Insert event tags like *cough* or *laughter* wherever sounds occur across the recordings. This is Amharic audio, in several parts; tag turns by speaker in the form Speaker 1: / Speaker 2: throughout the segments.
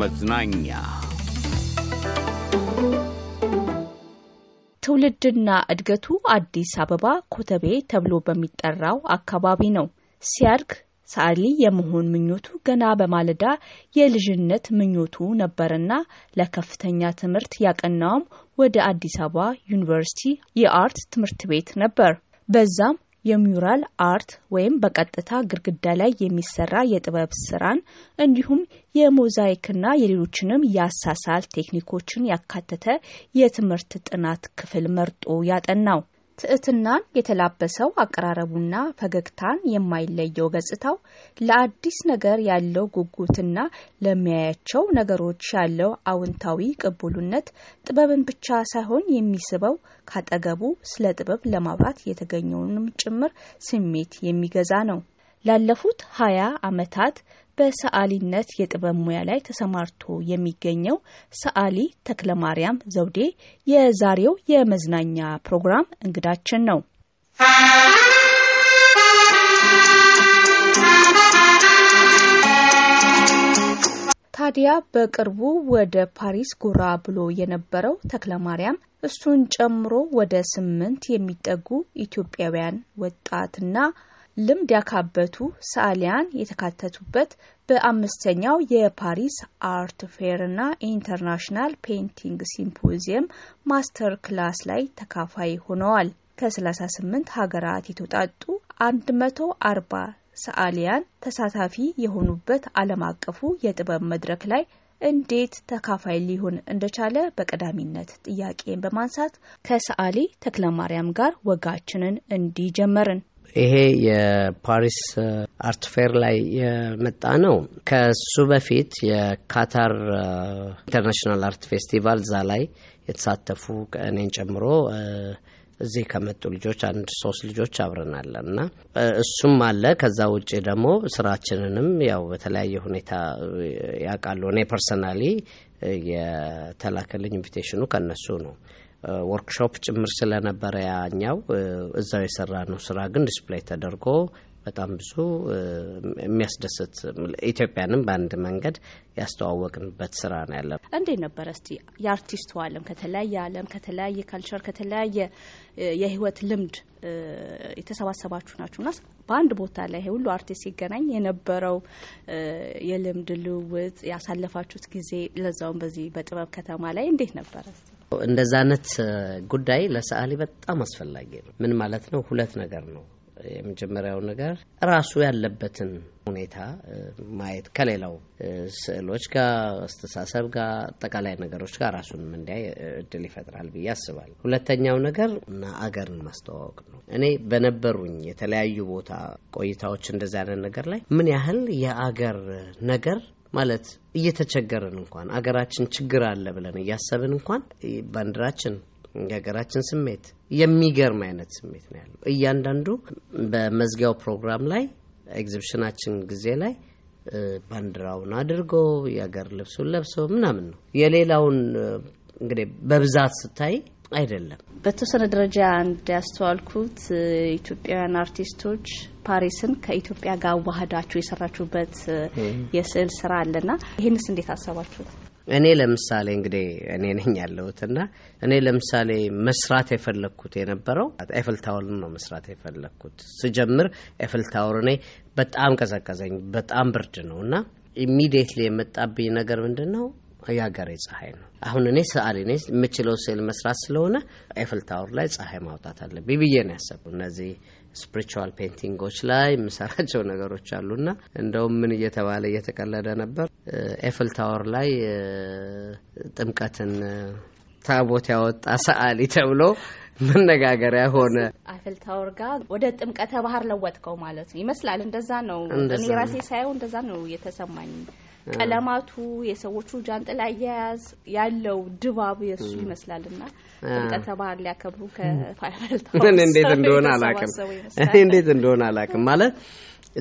Speaker 1: መዝናኛ ትውልድና እድገቱ አዲስ አበባ ኮተቤ ተብሎ በሚጠራው አካባቢ ነው። ሲያድግ ሰዓሊ የመሆን ምኞቱ ገና በማለዳ የልጅነት ምኞቱ ነበርና ለከፍተኛ ትምህርት ያቀናውም ወደ አዲስ አበባ ዩኒቨርሲቲ የአርት ትምህርት ቤት ነበር። በዛም የሚውራል አርት ወይም በቀጥታ ግድግዳ ላይ የሚሰራ የጥበብ ስራን እንዲሁም የሞዛይክና የሌሎችንም የአሳሳል ቴክኒኮችን ያካተተ የትምህርት ጥናት ክፍል መርጦ ያጠናው ትዕትናን የተላበሰው አቀራረቡና ፈገግታን የማይለየው ገጽታው ለአዲስ ነገር ያለው ጉጉትና ለሚያያቸው ነገሮች ያለው አውንታዊ ቅቡልነት ጥበብን ብቻ ሳይሆን የሚስበው ካጠገቡ ስለ ጥበብ ለማውራት የተገኘውንም ጭምር ስሜት የሚገዛ ነው። ላለፉት ሀያ ዓመታት በሰዓሊነት የጥበብ ሙያ ላይ ተሰማርቶ የሚገኘው ሰዓሊ ተክለማርያም ዘውዴ የዛሬው የመዝናኛ ፕሮግራም እንግዳችን ነው። ታዲያ በቅርቡ ወደ ፓሪስ ጎራ ብሎ የነበረው ተክለማርያም እሱን ጨምሮ ወደ ስምንት የሚጠጉ ኢትዮጵያውያን ወጣትና ልምድ ያካበቱ ሰዓሊያን የተካተቱበት በአምስተኛው የፓሪስ አርት ፌርና ኢንተርናሽናል ፔይንቲንግ ሲምፖዚየም ማስተር ክላስ ላይ ተካፋይ ሆነዋል። ከ38 ሀገራት የተውጣጡ 140 ሰዓሊያን ተሳታፊ የሆኑበት ዓለም አቀፉ የጥበብ መድረክ ላይ እንዴት ተካፋይ ሊሆን እንደቻለ በቀዳሚነት ጥያቄን በማንሳት ከሰዓሊ ተክለማርያም ጋር ወጋችንን እንዲጀመርን
Speaker 2: ይሄ የፓሪስ አርት ፌር ላይ የመጣ ነው። ከሱ በፊት የካታር ኢንተርናሽናል አርት ፌስቲቫል እዛ ላይ የተሳተፉ እኔን ጨምሮ እዚህ ከመጡ ልጆች አንድ ሶስት ልጆች አብረናል እና እሱም አለ። ከዛ ውጭ ደግሞ ስራችንንም ያው በተለያየ ሁኔታ ያውቃሉ። እኔ ፐርሰናሊ የተላከልኝ ኢንቪቴሽኑ ከነሱ ነው። ወርክሾፕ ጭምር ስለነበረ ያኛው እዛው የሰራ ነው ስራ ግን ዲስፕሌይ ተደርጎ በጣም ብዙ የሚያስደስት ኢትዮጵያንም በአንድ መንገድ ያስተዋወቅንበት ስራ ነው ያለ።
Speaker 1: እንዴት ነበረ እስቲ የአርቲስቱ አለም ከተለያየ አለም ከተለያየ ካልቸር ከተለያየ የህይወት ልምድ የተሰባሰባችሁ ና በአንድ ቦታ ላይ ይሄ ሁሉ አርቲስት ሲገናኝ የነበረው የልምድ ልውውጥ ያሳለፋችሁት ጊዜ ለዛውም በዚህ በጥበብ ከተማ ላይ እንዴት ነበረ?
Speaker 2: እንደዛ አይነት ጉዳይ ለሰዓሊ በጣም አስፈላጊ ነው። ምን ማለት ነው? ሁለት ነገር ነው። የመጀመሪያው ነገር ራሱ ያለበትን ሁኔታ ማየት ከሌላው ስዕሎች ጋር አስተሳሰብ ጋር አጠቃላይ ነገሮች ጋር ራሱንም እንዲያይ እድል ይፈጥራል ብዬ አስባለሁ። ሁለተኛው ነገር እና አገርን ማስተዋወቅ ነው። እኔ በነበሩኝ የተለያዩ ቦታ ቆይታዎች እንደዚህ አይነት ነገር ላይ ምን ያህል የአገር ነገር ማለት እየተቸገርን እንኳን አገራችን ችግር አለ ብለን እያሰብን እንኳን ባንዲራችን የሀገራችን ስሜት የሚገርም አይነት ስሜት ነው ያለው። እያንዳንዱ በመዝጊያው ፕሮግራም ላይ ኤግዚቢሽናችን ጊዜ ላይ ባንዲራውን አድርጎ የሀገር ልብሱን ለብሶ ምናምን ነው የሌላውን እንግዲህ በብዛት ስታይ አይደለም።
Speaker 1: በተወሰነ ደረጃ አንድ ያስተዋልኩት ኢትዮጵያውያን አርቲስቶች ፓሪስን ከኢትዮጵያ ጋር ዋህዳችሁ የሰራችሁበት የስዕል ስራ አለና ይህንስ እንዴት አሰባችሁት?
Speaker 2: እኔ ለምሳሌ እንግዲህ እኔ ነኝ ያለሁትና እኔ ለምሳሌ መስራት የፈለግኩት የነበረው ኤፍል ታወርን ነው መስራት የፈለግኩት። ስጀምር ኤፍል ታወር እኔ በጣም ቀዘቀዘኝ፣ በጣም ብርድ ነው እና ኢሚዲየትሊ የመጣብኝ ነገር ምንድን ነው የሀገሬ ፀሐይ ነው። አሁን እኔ ሰዓሊ ነኝ። የምችለው ስዕል መስራት ስለሆነ ኤፍል ታወር ላይ ፀሐይ ማውጣት አለብኝ ብዬ ነው ያሰብኩት። እነዚህ ስፕሪቹዋል ፔንቲንጎች ላይ የምሰራቸው ነገሮች አሉና እንደውም ምን እየተባለ እየተቀለደ ነበር ኤፍል ታወር ላይ ጥምቀትን ታቦት ያወጣ ሰዓሊ ተብሎ መነጋገሪያ ሆነ።
Speaker 1: አይፍል ታወር ጋር ወደ ጥምቀተ ባህር ለወጥከው ማለት ነው ይመስላል። እንደዛ ነው። እኔ ራሴ ሳየው እንደዛ ነው የተሰማኝ። ቀለማቱ፣ የሰዎቹ ጃንጥላ አያያዝ ያለው ድባብ የእሱ ና ጥምቀተ ባህር ሊያከብሩ ከፋይፈልታ *laughs* እንዴት እንደሆነ አላቅም *laughs* እንዴት
Speaker 2: እንደሆነ አላቅም ማለት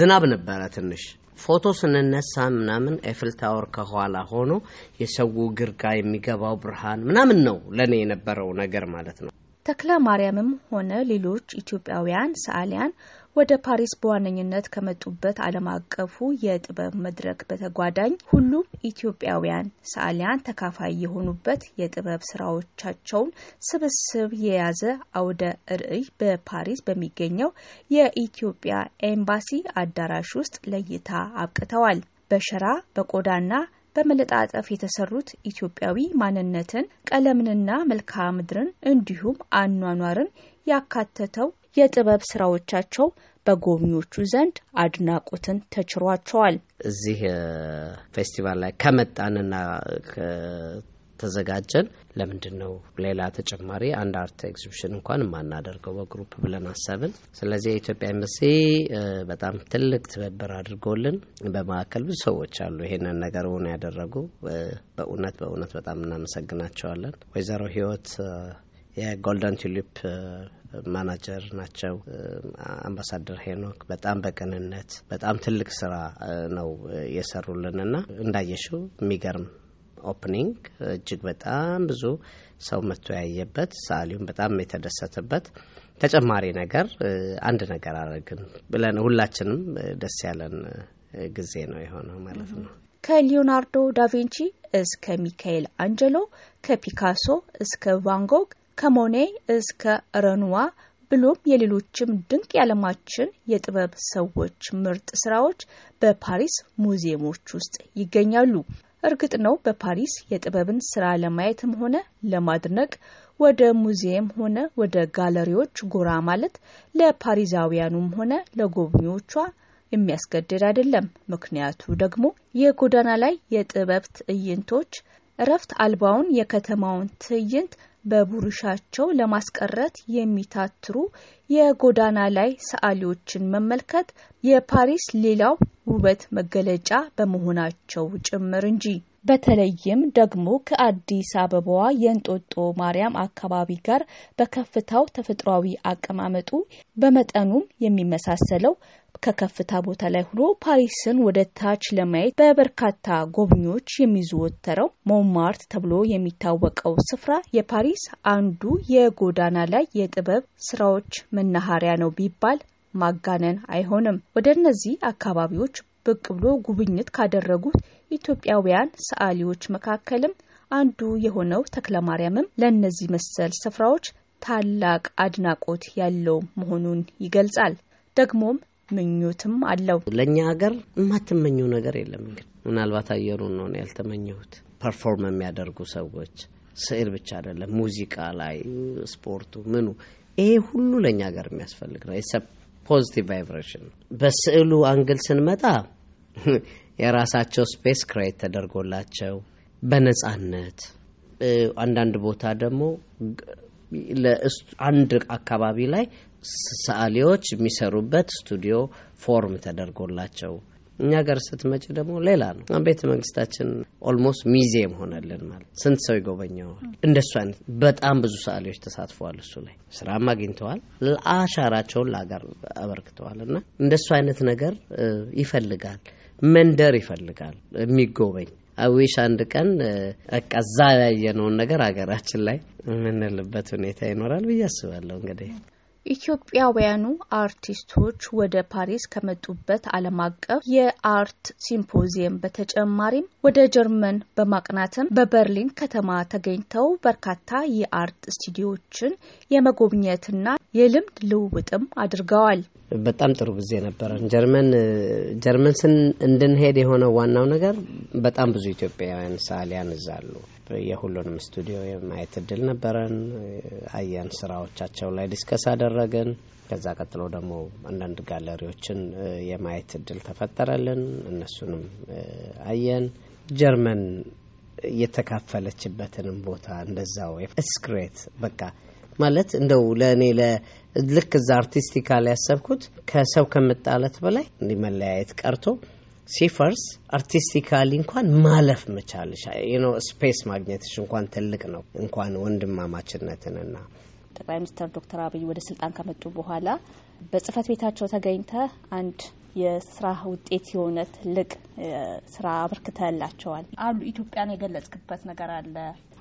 Speaker 2: ዝናብ ነበረ ትንሽ ፎቶ ስንነሳ ምናምን ኤፍል ታወር ከኋላ ሆኖ የሰው ግርጋ የሚገባው ብርሃን ምናምን ነው ለእኔ የነበረው ነገር ማለት ነው።
Speaker 1: ተክለ ማርያምም ሆነ ሌሎች ኢትዮጵያውያን ሰዓሊያን ወደ ፓሪስ በዋነኝነት ከመጡበት ዓለም አቀፉ የጥበብ መድረክ በተጓዳኝ ሁሉም ኢትዮጵያውያን ሰዓሊያን ተካፋይ የሆኑበት የጥበብ ስራዎቻቸውን ስብስብ የያዘ አውደ ርዕይ በፓሪስ በሚገኘው የኢትዮጵያ ኤምባሲ አዳራሽ ውስጥ ለእይታ አብቅተዋል። በሸራ በቆዳና በመለጣጠፍ የተሰሩት ኢትዮጵያዊ ማንነትን፣ ቀለምንና መልክዓ ምድርን እንዲሁም አኗኗርን ያካተተው የጥበብ ስራዎቻቸው በጎብኚዎቹ ዘንድ አድናቆትን ተችሯቸዋል።
Speaker 2: እዚህ ፌስቲቫል ላይ ከመጣንና ከተዘጋጀን ለምንድን ነው ሌላ ተጨማሪ አንድ አርት ኤግዚቢሽን እንኳን የማናደርገው በግሩፕ ብለን አሰብን። ስለዚህ የኢትዮጵያ ኤምባሲ በጣም ትልቅ ትብብር አድርጎልን በማዕከል ብዙ ሰዎች አሉ ይሄንን ነገር እውን ያደረጉ በእውነት በእውነት በጣም እናመሰግናቸዋለን። ወይዘሮ ህይወት የጎልደን ቱሊፕ ማናጀር ናቸው። አምባሳደር ሄኖክ በጣም በቅንነት በጣም ትልቅ ስራ ነው የሰሩልንና እንዳየሽው የሚገርም ኦፕኒንግ እጅግ በጣም ብዙ ሰው መቶ ያየበት ሰዓሊውም በጣም የተደሰተበት ተጨማሪ ነገር አንድ ነገር አረግን ብለን ሁላችንም ደስ ያለን ጊዜ ነው የሆነው ማለት
Speaker 1: ነው። ከሊዮናርዶ ዳቪንቺ እስከ ሚካኤል አንጀሎ ከፒካሶ እስከ ቫንጎግ ከሞኔ እስከ ረኑዋ ብሎም የሌሎችም ድንቅ የዓለማችን የጥበብ ሰዎች ምርጥ ስራዎች በፓሪስ ሙዚየሞች ውስጥ ይገኛሉ። እርግጥ ነው በፓሪስ የጥበብን ስራ ለማየትም ሆነ ለማድነቅ ወደ ሙዚየም ሆነ ወደ ጋለሪዎች ጎራ ማለት ለፓሪዛውያኑም ሆነ ለጎብኚዎቿ የሚያስገድድ አይደለም። ምክንያቱ ደግሞ የጎዳና ላይ የጥበብ ትዕይንቶች እረፍት አልባውን የከተማውን ትዕይንት በቡርሻቸው ለማስቀረት የሚታትሩ የጎዳና ላይ ሰዓሊዎችን መመልከት የፓሪስ ሌላው ውበት መገለጫ በመሆናቸው ጭምር እንጂ በተለይም ደግሞ ከአዲስ አበባዋ የእንጦጦ ማርያም አካባቢ ጋር በከፍታው ተፈጥሯዊ አቀማመጡ በመጠኑም የሚመሳሰለው ከከፍታ ቦታ ላይ ሆኖ ፓሪስን ወደ ታች ለማየት በበርካታ ጎብኚዎች የሚዘወተረው ሞንማርት ተብሎ የሚታወቀው ስፍራ የፓሪስ አንዱ የጎዳና ላይ የጥበብ ስራዎች መናኸሪያ ነው ቢባል ማጋነን አይሆንም። ወደ እነዚህ አካባቢዎች ብቅ ብሎ ጉብኝት ካደረጉት ኢትዮጵያውያን ሰዓሊዎች መካከልም አንዱ የሆነው ተክለማርያምም ለእነዚህ መሰል ስፍራዎች ታላቅ አድናቆት ያለው መሆኑን ይገልጻል። ደግሞም ምኞትም አለው።
Speaker 2: ለእኛ ሀገር የማትመኘው ነገር የለም። እንግዲህ ምናልባት አየሩን ነው ያልተመኘሁት። ፐርፎርም የሚያደርጉ ሰዎች ስዕል ብቻ አይደለም፣ ሙዚቃ ላይ፣ ስፖርቱ፣ ምኑ ይሄ ሁሉ ለእኛ ሀገር የሚያስፈልግ ነው። ፖዚቲቭ ቫይብሬሽን። በስዕሉ አንግል ስንመጣ *laughs* የራሳቸው ስፔስ ክሬት ተደርጎላቸው በነጻነት አንዳንድ ቦታ ደግሞ አንድ አካባቢ ላይ ሰዓሊዎች የሚሰሩበት ስቱዲዮ ፎርም ተደርጎላቸው እኛ ጋር ስትመጭ ደግሞ ሌላ ነው። ቤተ መንግስታችን ኦልሞስት ሚዚየም ሆነልን ማለት ስንት ሰው ይጎበኘዋል። እንደሱ አይነት በጣም ብዙ ሰዓሊዎች ተሳትፈዋል። እሱ ላይ ስራም አግኝተዋል። አሻራቸውን ለሀገር አበርክተዋል። እና እንደሱ አይነት ነገር ይፈልጋል፣ መንደር ይፈልጋል የሚጎበኝ አዊሽ አንድ ቀን እዛ ያየነውን ነገር ሀገራችን ላይ የምንልበት ሁኔታ ይኖራል ብዬ አስባለሁ እንግዲህ
Speaker 1: ኢትዮጵያውያኑ አርቲስቶች ወደ ፓሪስ ከመጡበት ዓለም አቀፍ የአርት ሲምፖዚየም በተጨማሪም ወደ ጀርመን በማቅናትም በበርሊን ከተማ ተገኝተው በርካታ የአርት ስቱዲዮዎችን የመጎብኘትና የልምድ ልውውጥም አድርገዋል።
Speaker 2: በጣም ጥሩ ጊዜ ነበረን። ጀርመን ጀርመን ስን እንድንሄድ የሆነው ዋናው ነገር በጣም ብዙ ኢትዮጵያውያን ሰዓሊያን እዛ የሁሉንም ስቱዲዮ የማየት እድል ነበረን። አየን፣ ስራዎቻቸው ላይ ዲስከስ አደረግን። ከዛ ቀጥሎ ደግሞ አንዳንድ ጋለሪዎችን የማየት እድል ተፈጠረልን። እነሱንም አየን። ጀርመን የተካፈለችበትንም ቦታ እንደዛው ስክሬት በቃ ማለት እንደው ለእኔ ልክ እዛ አርቲስቲካል ያሰብኩት ከሰው ከምጣለት በላይ እንዲመለያየት ቀርቶ ሲፈርስ አርቲስቲካሊ እንኳን ማለፍ መቻልሽ ነው ስፔስ ማግኘትሽ እንኳን ትልቅ ነው እንኳን ወንድማማችነትንና
Speaker 1: ጠቅላይ ሚኒስትር ዶክተር አብይ ወደ ስልጣን ከመጡ በኋላ በጽህፈት ቤታቸው ተገኝተ አንድ የስራ ውጤት የሆነ ትልቅ ስራ አበርክተላቸዋል አሉ ኢትዮጵያን የገለጽክበት ነገር አለ።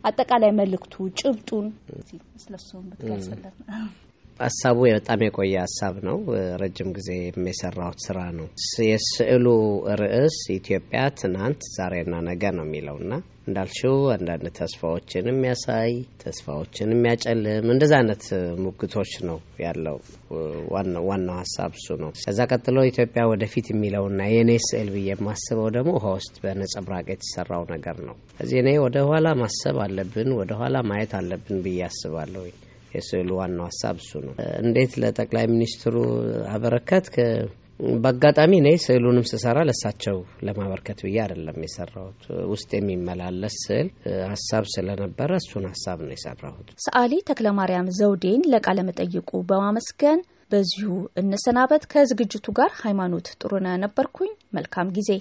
Speaker 1: አጠቃላይ መልእክቱ ጭብጡን ስለዚህ ስለሱም ብትገልጽልን።
Speaker 2: ሀሳቡ በጣም የቆየ ሀሳብ ነው። ረጅም ጊዜ የሚሰራውት ስራ ነው። የስዕሉ ርዕስ ኢትዮጵያ ትናንት ዛሬና ነገ ነው ና እንዳልሽው አንዳንድ ተስፋዎችን የሚያሳይ ተስፋዎችን የሚያጨልም እንደዚ አይነት ሙግቶች ነው ያለው። ዋናው ሀሳብ እሱ ነው። ከዛ ቀጥሎ ኢትዮጵያ ወደፊት የሚለውና የእኔ ስዕል ብዬ የማስበው ደግሞ ውሃ ውስጥ በነጸብራቅ የተሰራው ነገር ነው። እዚህ እኔ ወደ ኋላ ማሰብ አለብን፣ ወደ ኋላ ማየት አለብን ብዬ አስባለሁ። የስዕሉ ዋናው ሀሳብ እሱ ነው። እንዴት ለጠቅላይ ሚኒስትሩ አበረከት በአጋጣሚ እኔ ስዕሉንም ስሰራ ለሳቸው ለማበርከት ብዬ አይደለም የሰራሁት። ውስጥ የሚመላለስ ስዕል ሀሳብ ስለነበረ እሱን ሀሳብ ነው የሰራሁት።
Speaker 1: ሰዓሊ ተክለማርያም ዘውዴን ለቃለመጠይቁ በማመስገን በዚሁ እንሰናበት። ከዝግጅቱ ጋር ሃይማኖት ጥሩነህ ነበርኩኝ። መልካም ጊዜ